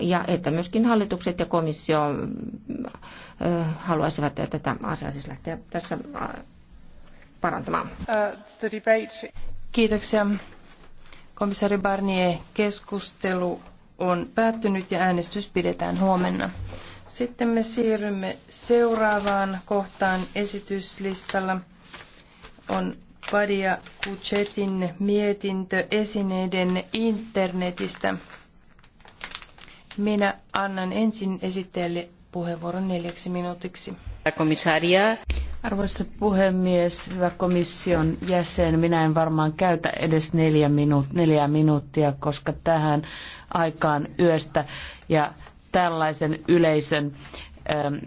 ja että myöskin hallitukset ja komissio haluaisivat tätä asiaa siis lähteä tässä parantamaan. Uh, Kiitoksia. Komissaari Barnier, keskustelu on päättynyt ja äänestys pidetään huomenna. Sitten me siirrymme seuraavaan kohtaan esityslistalla. On Padia Kuchetin mietintö esineiden internetistä. Minä annan ensin esittäjälle puheenvuoron neljäksi minuutiksi. Komissaria. Arvoisa puhemies, hyvä komission jäsen, minä en varmaan käytä edes neljä minuut, neljää minuuttia, koska tähän aikaan yöstä ja tällaisen yleisön äm,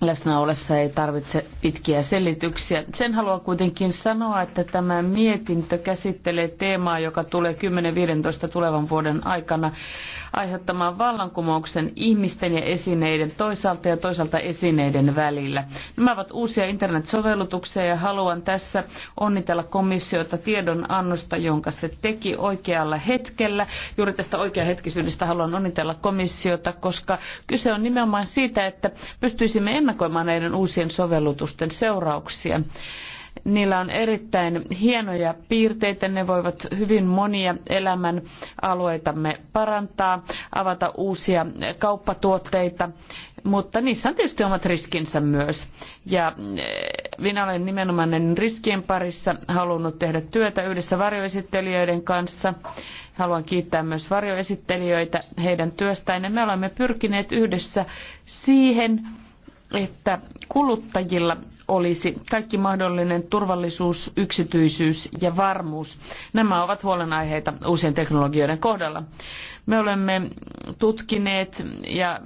läsnä ollessa ei tarvitse pitkiä selityksiä. Sen haluan kuitenkin sanoa, että tämä mietintö käsittelee teemaa, joka tulee 10-15 tulevan vuoden aikana aiheuttamaan vallankumouksen ihmisten ja esineiden toisaalta ja toisaalta esineiden välillä. Nämä ovat uusia internetsovellutuksia ja haluan tässä onnitella komissiota tiedonannosta, jonka se teki oikealla hetkellä. Juuri tästä oikeahetkisyydestä haluan onnitella komissiota, koska kyse on nimenomaan siitä, että pystyisimme ennakoimaan näiden uusien sovellutusten seurauksia. Niillä on erittäin hienoja piirteitä. Ne voivat hyvin monia elämän alueitamme parantaa, avata uusia kauppatuotteita, mutta niissä on tietysti omat riskinsä myös. Ja eh, minä olen nimenomaan näiden riskien parissa halunnut tehdä työtä yhdessä varjoesittelijöiden kanssa. Haluan kiittää myös varjoesittelijöitä heidän työstään. Ja me olemme pyrkineet yhdessä siihen, että kuluttajilla olisi kaikki mahdollinen turvallisuus, yksityisyys ja varmuus. Nämä ovat huolenaiheita uusien teknologioiden kohdalla. Me olemme tutkineet ja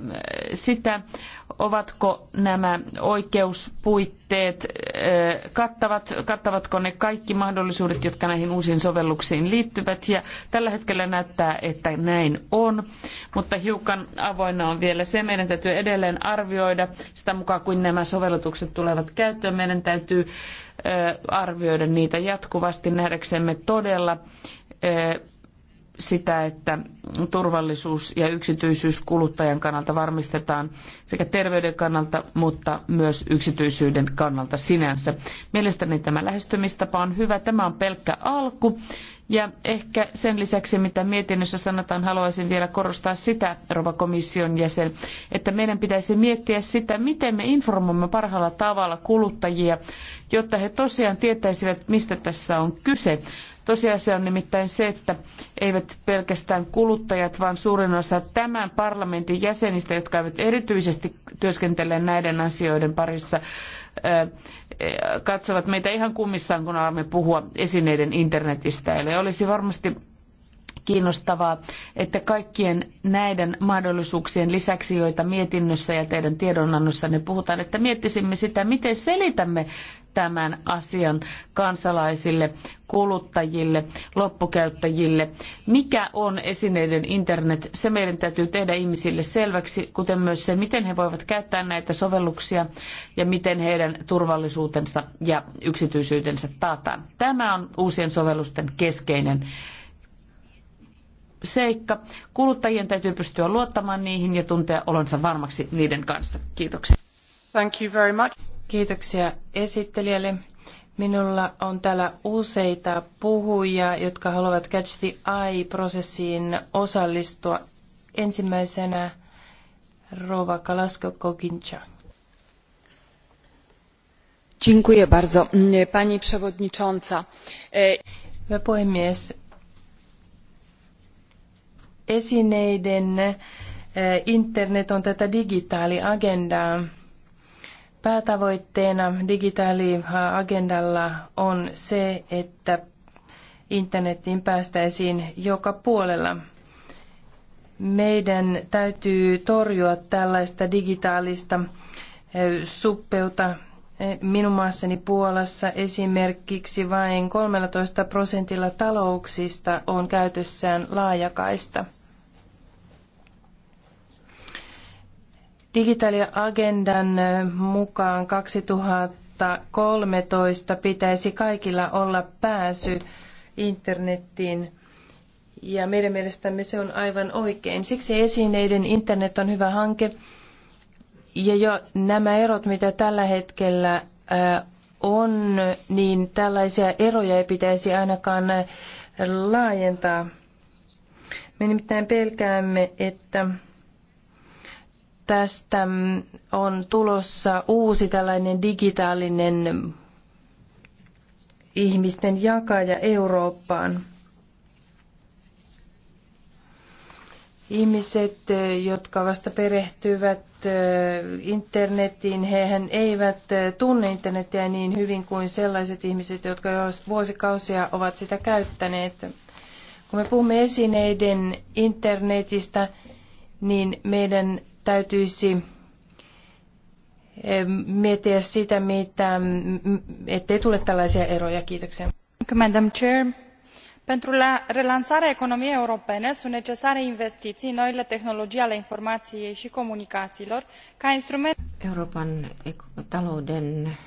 sitä, ovatko nämä oikeuspuitteet eh, kattavat, kattavatko ne kaikki mahdollisuudet, jotka näihin uusiin sovelluksiin liittyvät. Ja tällä hetkellä näyttää, että näin on, mutta hiukan avoinna on vielä se. Meidän täytyy edelleen arvioida sitä mukaan, kuin nämä sovellukset tulevat käyttöön käyttöön. Meidän täytyy arvioida niitä jatkuvasti nähdäksemme todella sitä, että turvallisuus ja yksityisyys kuluttajan kannalta varmistetaan sekä terveyden kannalta, mutta myös yksityisyyden kannalta sinänsä. Mielestäni tämä lähestymistapa on hyvä. Tämä on pelkkä alku ja ehkä sen lisäksi, mitä mietinnössä sanotaan, haluaisin vielä korostaa sitä, Rova komission jäsen, että meidän pitäisi miettiä sitä, miten me informoimme parhaalla tavalla kuluttajia, jotta he tosiaan tietäisivät, mistä tässä on kyse. Tosiasia on nimittäin se, että eivät pelkästään kuluttajat, vaan suurin osa tämän parlamentin jäsenistä, jotka eivät erityisesti työskentele näiden asioiden parissa, katsovat meitä ihan kummissaan, kun alamme puhua esineiden internetistä. Eli olisi varmasti kiinnostavaa, että kaikkien näiden mahdollisuuksien lisäksi, joita mietinnössä ja teidän tiedonannossanne puhutaan, että miettisimme sitä, miten selitämme tämän asian kansalaisille, kuluttajille, loppukäyttäjille. Mikä on esineiden internet? Se meidän täytyy tehdä ihmisille selväksi, kuten myös se, miten he voivat käyttää näitä sovelluksia ja miten heidän turvallisuutensa ja yksityisyytensä taataan. Tämä on uusien sovellusten keskeinen seikka. Kuluttajien täytyy pystyä luottamaan niihin ja tuntea olonsa varmaksi niiden kanssa. Kiitoksia. Thank you very much. Kiitoksia esittelijälle. Minulla on täällä useita puhujia, jotka haluavat Catch the Eye-prosessiin osallistua. Ensimmäisenä Rova Kalasko Kogincha. Dziękuję bardzo, pani przewodnicząca. Hyvä puhemies. Esineiden e, internet on tätä digitaaliagendaa. agendaa Päätavoitteena digitaaliagendalla on se, että internetiin päästäisiin joka puolella. Meidän täytyy torjua tällaista digitaalista suppeuta. E, minun maassani Puolassa esimerkiksi vain 13 prosentilla talouksista on käytössään laajakaista. Digitaaliagendan mukaan 2013 pitäisi kaikilla olla pääsy internettiin ja meidän mielestämme se on aivan oikein. Siksi esineiden internet on hyvä hanke ja jo nämä erot, mitä tällä hetkellä on, niin tällaisia eroja ei pitäisi ainakaan laajentaa. Me nimittäin pelkäämme, että tästä on tulossa uusi tällainen digitaalinen ihmisten jakaja Eurooppaan. Ihmiset, jotka vasta perehtyvät eh, internetiin, hehän eivät eh, tunne internetiä niin hyvin kuin sellaiset ihmiset, jotka jo vuosikausia ovat sitä käyttäneet. Kun me puhumme esineiden internetistä, niin meidän täytyisi eh, miettiä sitä, mitä, ettei tule tällaisia eroja. Kiitoksia. Madam Chair. Pentru relansarea economiei europene sunt necesare investiții în noile tehnologii ale informației și comunicațiilor ca instrument... Euroopan talouden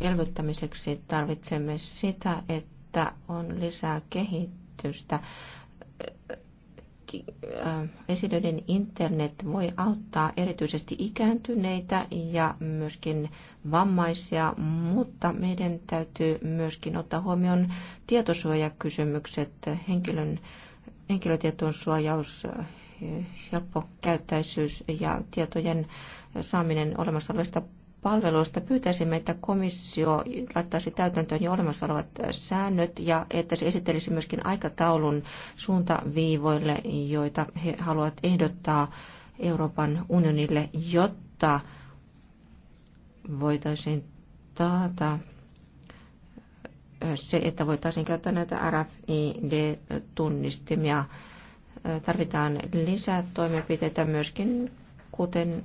elvyttämiseksi tarvitsemme sitä, että on lisää kehitystä Äh, esineiden internet voi auttaa erityisesti ikääntyneitä ja myöskin vammaisia, mutta meidän täytyy myöskin ottaa huomioon tietosuojakysymykset, henkilön, henkilötietojen suojaus, äh, helppokäyttäisyys ja tietojen saaminen olemassa olevista palveluista pyytäisimme, että komissio laittaisi täytäntöön jo olemassa olevat säännöt ja että se esittelisi myöskin aikataulun suuntaviivoille, joita he haluavat ehdottaa Euroopan unionille, jotta voitaisiin taata äh, se, että voitaisiin käyttää näitä RFID-tunnistimia. Äh, tarvitaan lisää toimenpiteitä myöskin, kuten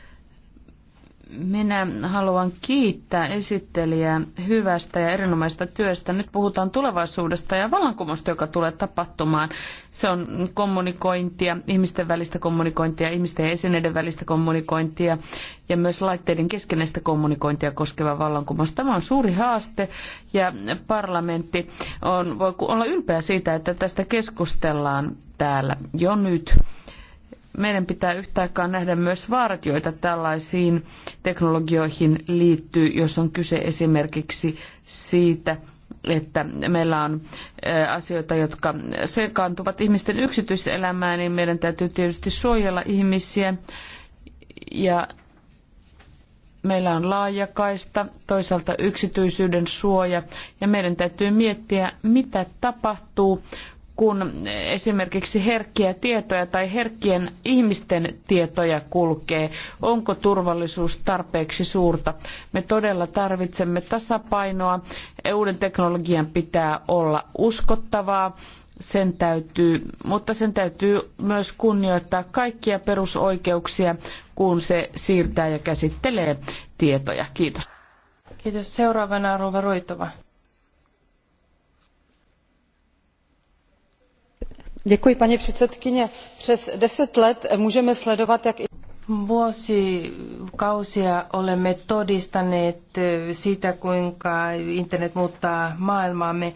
Minä haluan kiittää esittelijää hyvästä ja erinomaista työstä. Nyt puhutaan tulevaisuudesta ja vallankumousta, joka tulee tapahtumaan. Se on kommunikointia, ihmisten välistä kommunikointia, ihmisten ja esineiden välistä kommunikointia ja myös laitteiden keskenäistä kommunikointia koskeva vallankumous. Tämä on suuri haaste ja parlamentti on, voi olla ylpeä siitä, että tästä keskustellaan täällä jo nyt meidän pitää yhtä aikaa nähdä myös vaarat, joita tällaisiin teknologioihin liittyy, jos on kyse esimerkiksi siitä, että meillä on asioita, jotka sekaantuvat ihmisten yksityiselämään, niin meidän täytyy tietysti suojella ihmisiä. Ja meillä on laajakaista, toisaalta yksityisyyden suoja, ja meidän täytyy miettiä, mitä tapahtuu, kun esimerkiksi herkkiä tietoja tai herkkien ihmisten tietoja kulkee? Onko turvallisuus tarpeeksi suurta? Me todella tarvitsemme tasapainoa. Uuden teknologian pitää olla uskottavaa sen täytyy, mutta sen täytyy myös kunnioittaa kaikkia perusoikeuksia, kun se siirtää ja käsittelee tietoja. Kiitos. Kiitos. Seuraavana Ruva Ruitova. paní předsedající přes deset let můžeme sledovat jak. vuosikausia olemme todistaneet sitä kuinka internet muuttaa maailmaamme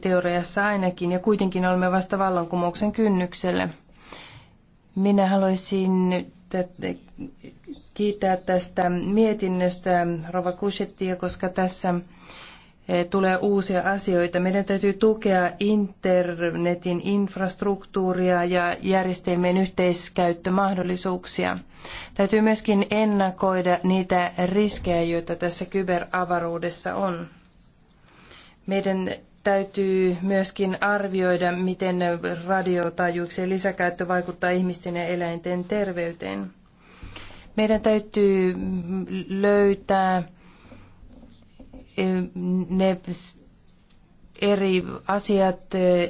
teoriassa ainakin ja kuitenkin olemme vasta vallankumouksen kynnyksellä. Minä haluaisin kiittää tästä mietinnöstä Rova Kushettia, koska tässä Eh, tulee uusia asioita. Meidän täytyy tukea internetin infrastruktuuria ja järjestelmien yhteiskäyttömahdollisuuksia. Täytyy myöskin ennakoida niitä riskejä, joita tässä kyberavaruudessa on. Meidän täytyy myöskin arvioida, miten radiotaajuuksien lisäkäyttö vaikuttaa ihmisten ja eläinten terveyteen. Meidän täytyy löytää ne eri asiat,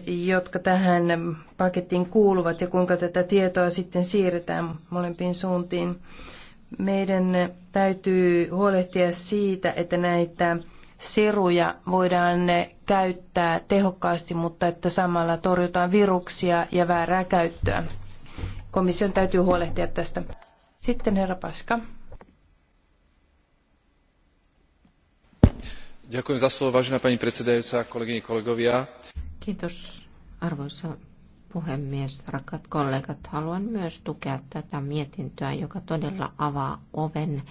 jotka tähän pakettiin kuuluvat ja kuinka tätä tietoa sitten siirretään molempiin suuntiin. Meidän täytyy huolehtia siitä, että näitä seruja voidaan käyttää tehokkaasti, mutta että samalla torjutaan viruksia ja väärää käyttöä. Komission täytyy huolehtia tästä. Sitten herra Paska. Kiitos arvoisa puhemies, rakkaat kollegat. Haluan myös tukea tätä mietintöä, joka todella avaa oven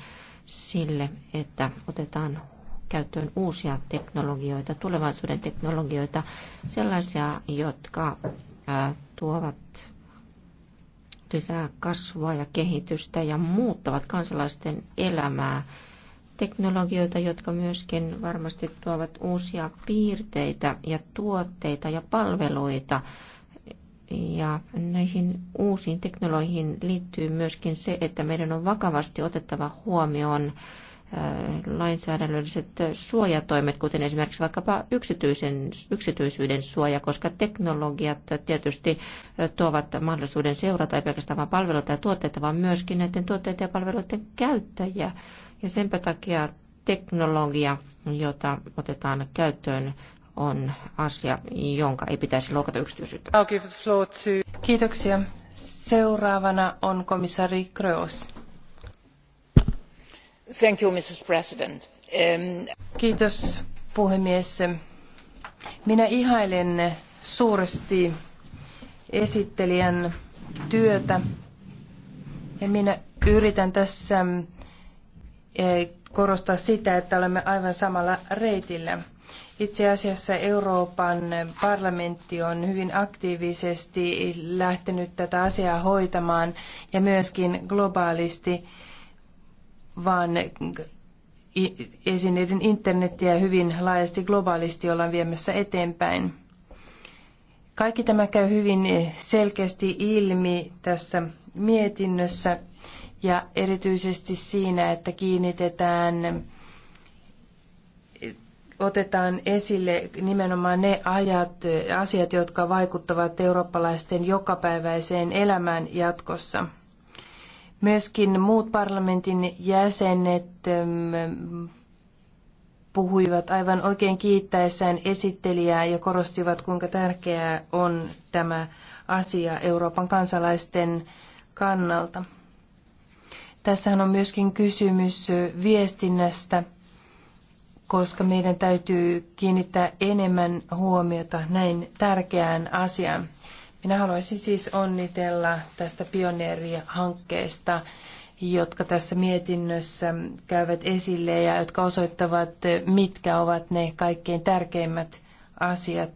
sille, että otetaan käyttöön uusia teknologioita, tulevaisuuden teknologioita, sellaisia, jotka tuovat lisää kasvua ja kehitystä ja muuttavat kansalaisten elämää teknologioita, jotka myöskin varmasti tuovat uusia piirteitä ja tuotteita ja palveluita. Ja näihin uusiin teknologiin liittyy myöskin se, että meidän on vakavasti otettava huomioon äh, lainsäädännölliset suojatoimet, kuten esimerkiksi vaikkapa yksityisen, yksityisyyden suoja, koska teknologiat tietysti äh, tuovat mahdollisuuden seurata ei pelkästään vain palveluita ja tuotteita, vaan myöskin näiden tuotteiden ja palveluiden käyttäjiä. Ja senpä takia teknologia, jota otetaan käyttöön, on asia, jonka ei pitäisi loukata yksityisyyttä. Kiitoksia. Seuraavana on komissaari Kroos. Thank you, Mrs. President. Um... Kiitos, puhemies. Minä ihailen suuresti esittelijän työtä ja minä yritän tässä Eh, korostaa sitä, että olemme aivan samalla reitillä. Itse asiassa Euroopan parlamentti on hyvin aktiivisesti lähtenyt tätä asiaa hoitamaan ja myöskin globaalisti, vaan esineiden internetiä hyvin laajasti globaalisti ollaan viemässä eteenpäin. Kaikki tämä käy hyvin selkeästi ilmi tässä mietinnössä ja erityisesti siinä, että kiinnitetään, otetaan esille nimenomaan ne ajat, asiat, jotka vaikuttavat eurooppalaisten jokapäiväiseen elämään jatkossa. Myöskin muut parlamentin jäsenet ähm, puhuivat aivan oikein kiittäessään esittelijää ja korostivat, kuinka tärkeää on tämä asia Euroopan kansalaisten kannalta. Tässähän on myöskin kysymys viestinnästä, koska meidän täytyy kiinnittää enemmän huomiota näin tärkeään asiaan. Minä haluaisin siis onnitella tästä pioneerihankkeesta, jotka tässä mietinnössä käyvät esille ja jotka osoittavat, mitkä ovat ne kaikkein tärkeimmät asiat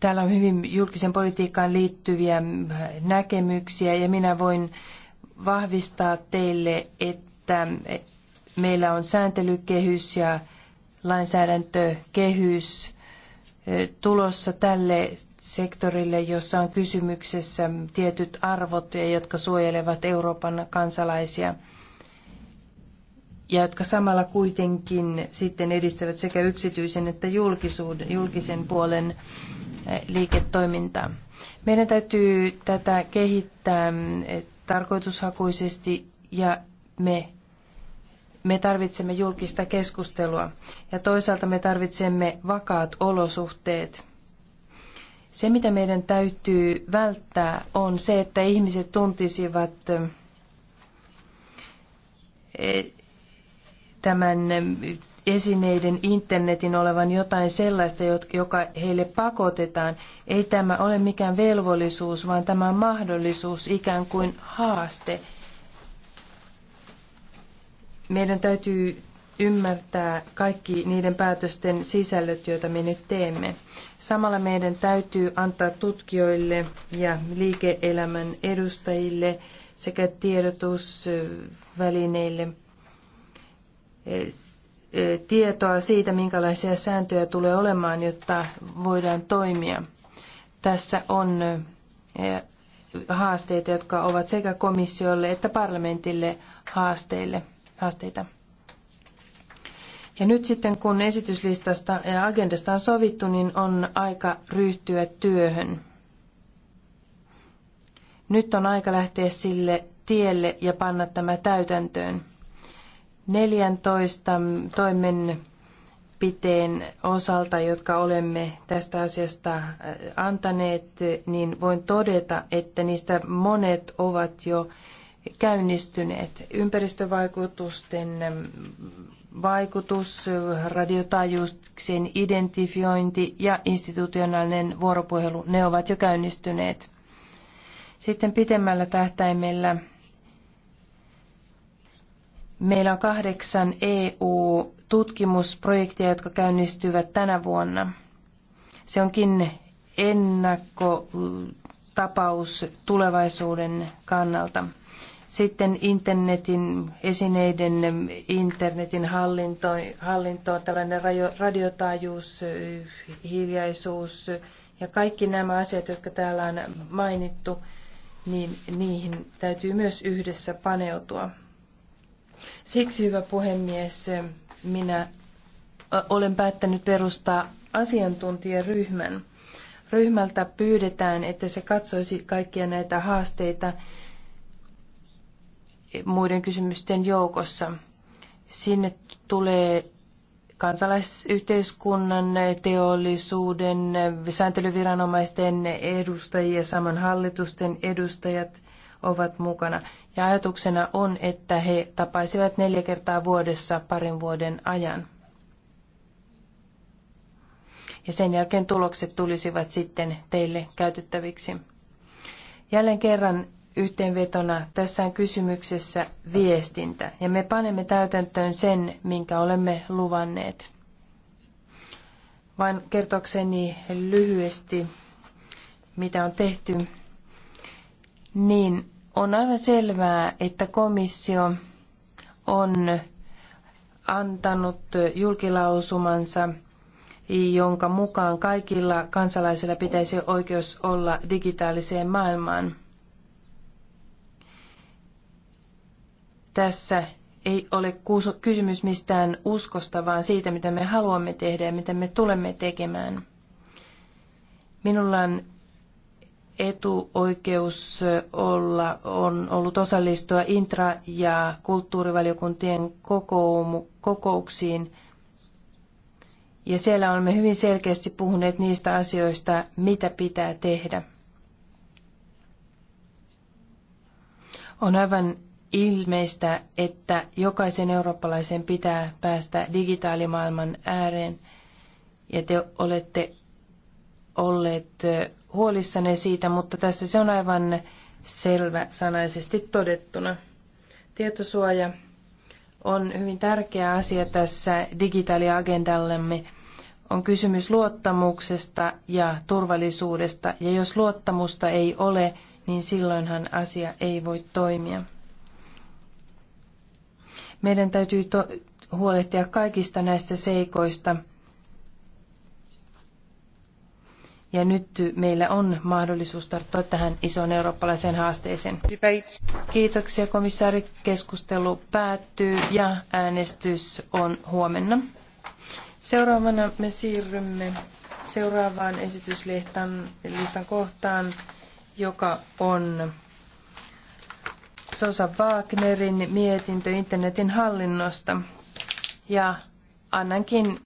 Täällä on hyvin julkisen politiikkaan liittyviä näkemyksiä ja minä voin vahvistaa teille, että meillä on sääntelykehys ja lainsäädäntökehys tulossa tälle sektorille, jossa on kysymyksessä tietyt arvot, jotka suojelevat Euroopan kansalaisia – ja jotka samalla kuitenkin sitten edistävät sekä yksityisen että julkisen puolen eh, liiketoimintaa. Meidän täytyy tätä kehittää mm, eh, tarkoitushakuisesti ja me, me tarvitsemme julkista keskustelua ja toisaalta me tarvitsemme vakaat olosuhteet. Se, mitä meidän täytyy välttää, on se, että ihmiset tuntisivat eh, tämän esineiden internetin olevan jotain sellaista, joka heille pakotetaan. Ei tämä ole mikään velvollisuus, vaan tämä on mahdollisuus, ikään kuin haaste. Meidän täytyy ymmärtää kaikki niiden päätösten sisällöt, joita me nyt teemme. Samalla meidän täytyy antaa tutkijoille ja liike-elämän edustajille sekä tiedotusvälineille – tietoa siitä, minkälaisia sääntöjä tulee olemaan, jotta voidaan toimia. Tässä on eh, haasteita, jotka ovat sekä komissiolle että parlamentille haasteille, haasteita. Ja nyt sitten kun esityslistasta ja agendasta on sovittu, niin on aika ryhtyä työhön. Nyt on aika lähteä sille tielle ja panna tämä täytäntöön. 14 toimenpiteen osalta, jotka olemme tästä asiasta äh, antaneet, niin voin todeta, että niistä monet ovat jo käynnistyneet. Ympäristövaikutusten ähm, vaikutus, radiotajuuksien identifiointi ja institutionaalinen vuoropuhelu, ne ovat jo käynnistyneet. Sitten pitemmällä tähtäimellä Meillä on kahdeksan EU-tutkimusprojektia, jotka käynnistyvät tänä vuonna. Se onkin ennakkotapaus tulevaisuuden kannalta. Sitten internetin esineiden, internetin hallinto, hallinto tällainen radio, radiotaajuus, hiljaisuus ja kaikki nämä asiat, jotka täällä on mainittu, niin niihin täytyy myös yhdessä paneutua. Siksi, hyvä puhemies, minä olen päättänyt perustaa asiantuntijaryhmän. Ryhmältä pyydetään, että se katsoisi kaikkia näitä haasteita muiden kysymysten joukossa. Sinne tulee kansalaisyhteiskunnan, teollisuuden, sääntelyviranomaisten edustajia, saman hallitusten edustajat – ovat mukana. Ja ajatuksena on, että he tapaisivat neljä kertaa vuodessa parin vuoden ajan. Ja sen jälkeen tulokset tulisivat sitten teille käytettäviksi. Jälleen kerran yhteenvetona tässä on kysymyksessä viestintä ja me panemme täytäntöön sen, minkä olemme luvanneet. Vain kertokseni lyhyesti, mitä on tehty niin on aivan selvää, että komissio on antanut julkilausumansa, jonka mukaan kaikilla kansalaisilla pitäisi oikeus olla digitaaliseen maailmaan. Tässä ei ole kysymys mistään uskosta, vaan siitä, mitä me haluamme tehdä ja mitä me tulemme tekemään. Minulla on etuoikeus olla, on ollut osallistua intra- ja kulttuurivaliokuntien kokouksiin. Ja siellä olemme hyvin selkeästi puhuneet niistä asioista, mitä pitää tehdä. On aivan ilmeistä, että jokaisen eurooppalaisen pitää päästä digitaalimaailman ääreen. Ja te olette olleet huolissanne siitä, mutta tässä se on aivan selvä sanaisesti todettuna. Tietosuoja on hyvin tärkeä asia tässä digitaaliagendallemme. On kysymys luottamuksesta ja turvallisuudesta, ja jos luottamusta ei ole, niin silloinhan asia ei voi toimia. Meidän täytyy huolehtia kaikista näistä seikoista – Ja nyt meillä on mahdollisuus tarttua tähän isoon eurooppalaiseen haasteeseen. Kiitoksia komissaari. Keskustelu päättyy ja äänestys on huomenna. Seuraavana me siirrymme seuraavaan esityslistan listan kohtaan, joka on Sosa Wagnerin mietintö internetin hallinnosta. Ja annankin